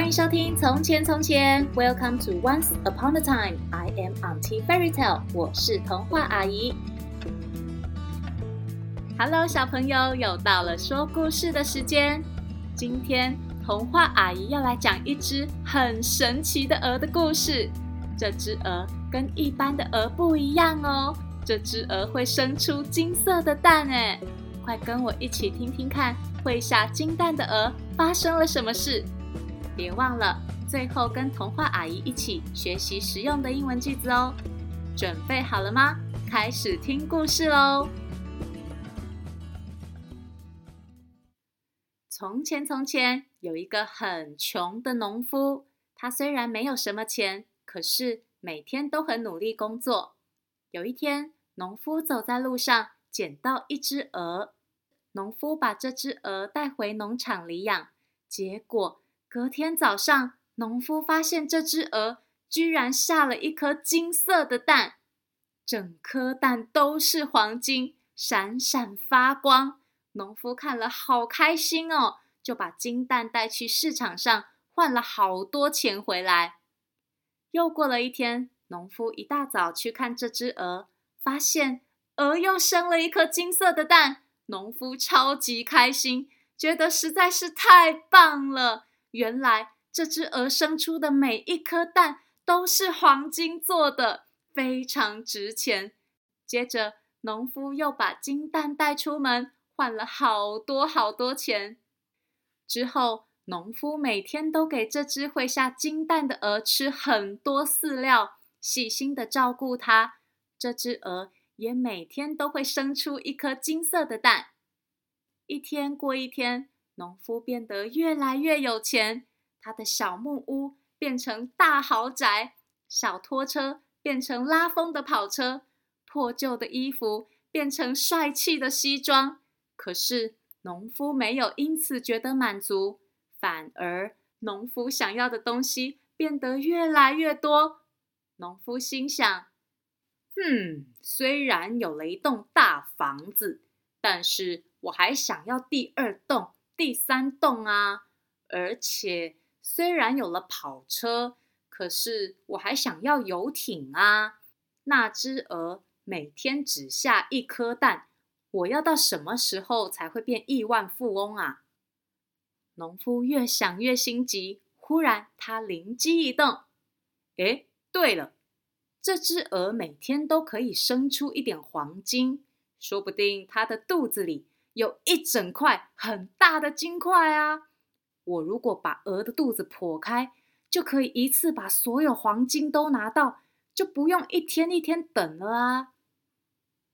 歡迎收聽《從前從前》，Welcome to Once Upon a Time。I am Auntie Fairy Tale，我是童話阿姨。Hello，小朋友，又到了說故事的時間。今天童話阿姨要來講一隻很神奇的鵝的故事。這隻鵝跟一般的鵝不一樣哦，這隻鵝會生出金色的蛋哎！快跟我一起聽聽看，會下金蛋的鵝發生了什麼事。別忘了最後跟童話阿姨一起學習實用的英文句子哦！準備好了嗎？開始聽故事嘍！從前從前有一個很窮的農夫，他雖然沒有什麼錢，可是每天都很努力工作。有一天，農夫走在路上撿到一只鵝，農夫把這只鵝帶回農場裡養，結果。隔天早上，農夫發現這隻鵝居然下了一顆金色的蛋，整顆蛋都是黃金，閃閃發光。農夫看了好開心哦，就把金蛋帶去市場上換了好多錢回來。又過了一天，農夫一大早去看這隻鵝，發現鵝又生了一顆金色的蛋。農夫超級開心，覺得實在是太棒了。原來這隻鵝生出的每一顆蛋都是黃金做的，非常值錢。接着，農夫又把金蛋帶出門，換了好多好多錢。之後，農夫每天都給這隻會下金蛋的鵝吃很多飼料，細心的照顧它。這隻鵝也每天都會生出一顆金色的蛋。一天過一天。農夫變得越來越有錢，他的小木屋變成大豪宅，小拖車變成拉風的跑車，破舊的衣服變成帥氣的西裝。可是，農夫沒有因此覺得滿足，反而農夫想要的東西變得越來越多。農夫心想：“哼、嗯，雖然有了一棟大房子，但是我還想要第二棟。”第三棟啊！而且雖然有了跑車，可是我還想要遊艇啊！那隻鵝每天只下一顆蛋，我要到什麼時候才會變億萬富翁啊？農夫越想越心急，忽然他靈機一動：“哎，對了，這隻鵝每天都可以生出一點黃金，說不定它的肚子裡……”有一整塊很大的金塊啊！我如果把鵝的肚子剖開，就可以一次把所有黃金都拿到，就不用一天一天等了啊！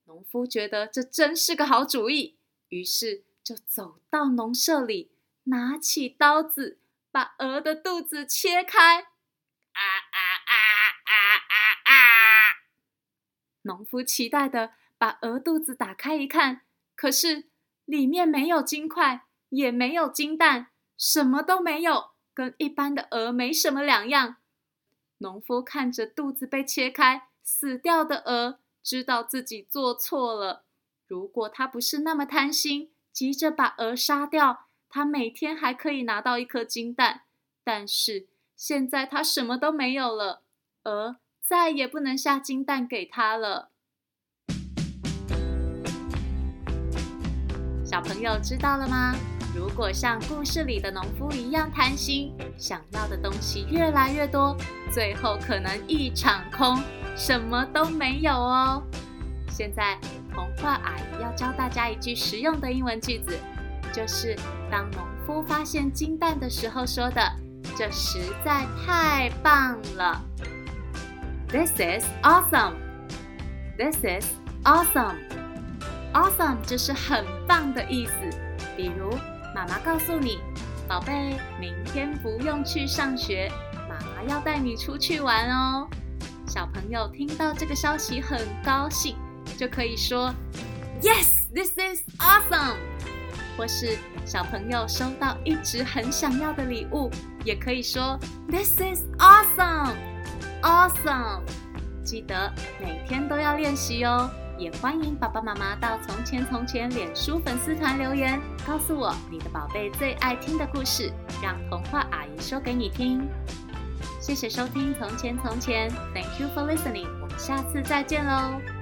農夫覺得這真是個好主意，於是就走到農舍裡，拿起刀子把鵝的肚子切開。啊啊啊啊啊，啊！啊！農夫期待的把鵝肚子打開一看，可是。裡面沒有金塊，也沒有金蛋，什麼都沒有，跟一般的鵝沒什麼兩樣。農夫看着肚子被切開、死掉的鵝，知道自己做錯了。如果他不是那麼貪心，急着把鵝殺掉，他每天還可以拿到一顆金蛋。但是現在他什麼都沒有了，鵝再也不能下金蛋給他了。小朋友知道了嗎？如果像故事裡的農夫一樣貪心，想要的東西越來越多，最後可能一場空，什麼都沒有哦。現在，童話阿姨要教大家一句實用的英文句子，就是當農夫發現金蛋的時候說的：“這實在太棒了。” This is awesome. This is awesome. Awesome 就是很棒的意思，比如媽媽告訴你，寶貝，明天不用去上學，媽媽要帶你出去玩哦。小朋友聽到這個消息很高興，就可以說，Yes, this is awesome。或是小朋友收到一直很想要的禮物，也可以說，This is awesome, awesome。記得每天都要練習哦。也歡迎爸爸媽媽到《從前從前》臉書粉絲團留言，告訴我你的寶貝最愛聽的故事，讓童話阿姨說給你聽。謝謝收聽《從前從前》，Thank you for listening。我們下次再見嘍。